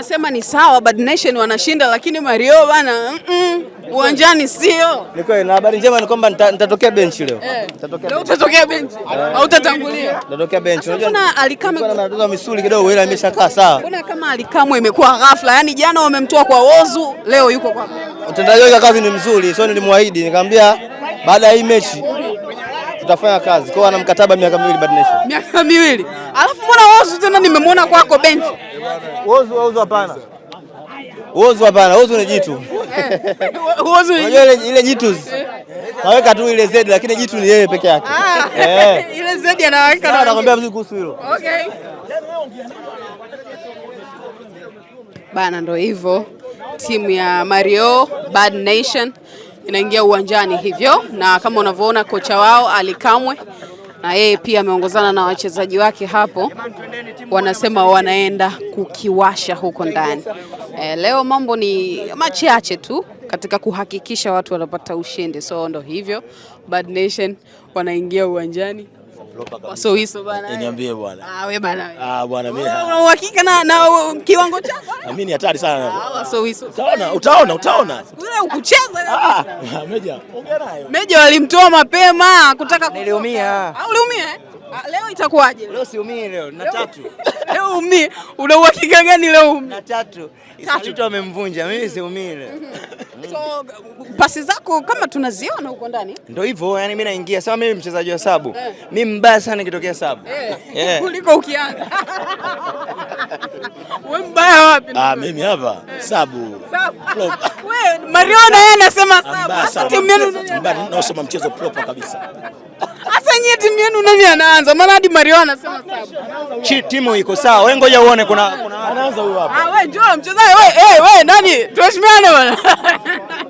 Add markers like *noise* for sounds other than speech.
wanasema ni sawa Bad Nation wanashinda, lakini Mario bana uwanjani sio. Ni kweli na habari njema ni kwamba nitatokea benchi leo. Eh, leo utatokea benchi eh. au utatangulia? Nitatokea benchi. Unajua Alikamwe anatoa misuli kidogo ila imeshakaa sawa. Mbona kama Alikamwe imekuwa ghafla? Yaani jana wamemtoa kwa wozu, leo yuko kwa. Utendaji wake kazi ni mzuri, sio nilimwahidi, nikamwambia baada ya hii mechi tutafanya kazi kwa ana mkataba miaka miwili Bad Nation. miaka miwili. Alafu mbona Ozu tena nimemwona kwako benchi? Ozu Ozu, hapana Ozu, hapana Ozu ni jitu eh, Ozu ile ile jitu naweka tu ile zedi, lakini jitu ni yeye peke yake. Ah, eh. *laughs* Ile zedi anaweka na anakuambia vizuri kuhusu hilo. Okay bana, ndo hivyo timu ya Mario Bad Nation inaingia uwanjani hivyo, na kama unavyoona kocha wao alikamwe Kamwe na yeye pia ameongozana na wachezaji wake hapo, wanasema wanaenda kukiwasha huko ndani. E, leo mambo ni machache tu katika kuhakikisha watu wanapata ushindi, so ndo hivyo Bad Nation wanaingia uwanjani. Eh. Niambie bwana. Ah wewe bwana. Ah bwana mimi. Una uhakika na na uh, kiwango chako? Ah, mimi ni hatari sana. Utaona, utaona, utaona. Wewe ukucheza ah, ah, Meja. Ongea nayo. Meja walimtoa mapema kutaka niliumia. Ah uliumia eh? ah, Leo itakuwaje? Leo siumii leo, na tatu. *laughs* Leo umii. Una uhakika gani leo umii? Na tatu. Tatu amemvunja. Mimi siumii leo. Mhm. So mm. pasi zako kama tunaziona huko ndani, ndio hivyo yani. Mimi naingia sawa, mimi mchezaji wa sabu eh. Mimi mbaya sana nikitokea sabu eh. Eh. *laughs* kuliko ukianza *laughs* wewe mbaya wapi? Ah, mimi hapa eh. sabu sabu Mariona yeye anasema saba. Sasa timu yenu ni nasoma mchezo proper kabisa. Sasa nyie timu yenu nani anaanza? Maana hadi Mariona anasema saba. Chi timu iko sawa. Wewe ngoja uone kuna anaanza huyo hapa. Ah, wewe njoo mchezaji wewe, eh wewe nani? Tuheshimiane bwana. *laughs*